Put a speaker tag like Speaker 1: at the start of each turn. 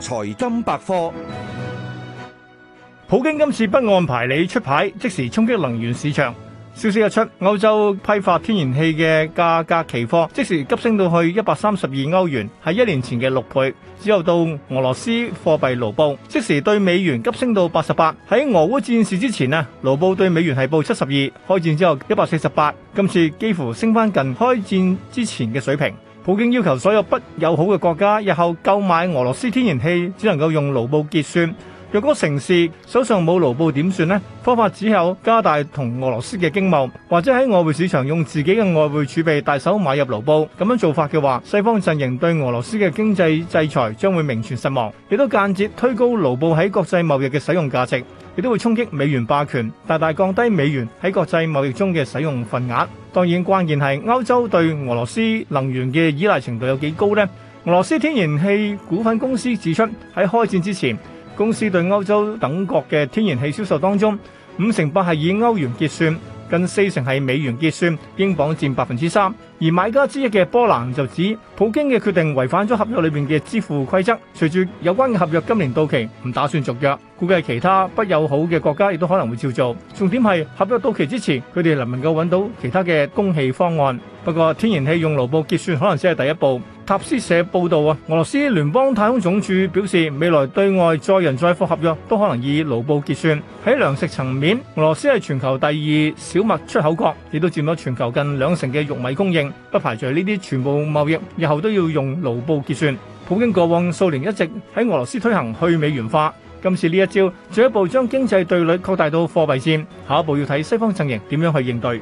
Speaker 1: 財經百科，普京今次不按牌理出牌，即時衝擊能源市場。消息一出，歐洲批發天然氣嘅價格期貨即時急升到去一百三十二歐元，係一年前嘅六倍。之後到俄羅斯貨幣盧布，即時對美元急升到八十八。喺俄烏戰事之前啊，盧布對美元係報七十二，開戰之後一百四十八。今次幾乎升翻近開戰之前嘅水平。普京要求所有不友好嘅國家，日後購買俄羅斯天然氣，只能夠用盧布結算。若果城市手上冇盧布點算咧？方法只有加大同俄羅斯嘅經貿，或者喺外匯市場用自己嘅外匯儲備大手買入盧布。咁樣做法嘅話，西方陣營對俄羅斯嘅經濟制裁將會名存實亡，亦都間接推高盧布喺國際貿易嘅使用價值，亦都會衝擊美元霸權，大大降低美元喺國際貿易中嘅使用份額。當然，關鍵係歐洲對俄羅斯能源嘅依賴程度有幾高咧？俄羅斯天然氣股份公司指出，喺開戰之前，公司對歐洲等國嘅天然氣銷售當中，五成八係以歐元結算，近四成係美元結算，英鎊佔百分之三。而買家之一嘅波蘭就指普京嘅決定違反咗合約裏面嘅支付規則，隨住有關嘅合約今年到期，唔打算續約。估計其他不友好嘅國家亦都可能會照做。重點係合約到期之前，佢哋能唔能夠揾到其他嘅供氣方案。不過，天然氣用盧布結算可能只係第一步。塔斯社報導啊，俄羅斯聯邦太空總署表示，未來對外載人載貨合約都可能以盧布結算。喺糧食層面，俄羅斯係全球第二小麥出口國，亦都佔咗全球近兩成嘅玉米供應。不排除呢啲全部貿易日後都要用盧布結算。普京過往數年一直喺俄羅斯推行去美元化。今次呢一招，進一步將經濟對壘擴大到貨幣戰，下一步要睇西方陣營點樣去應對。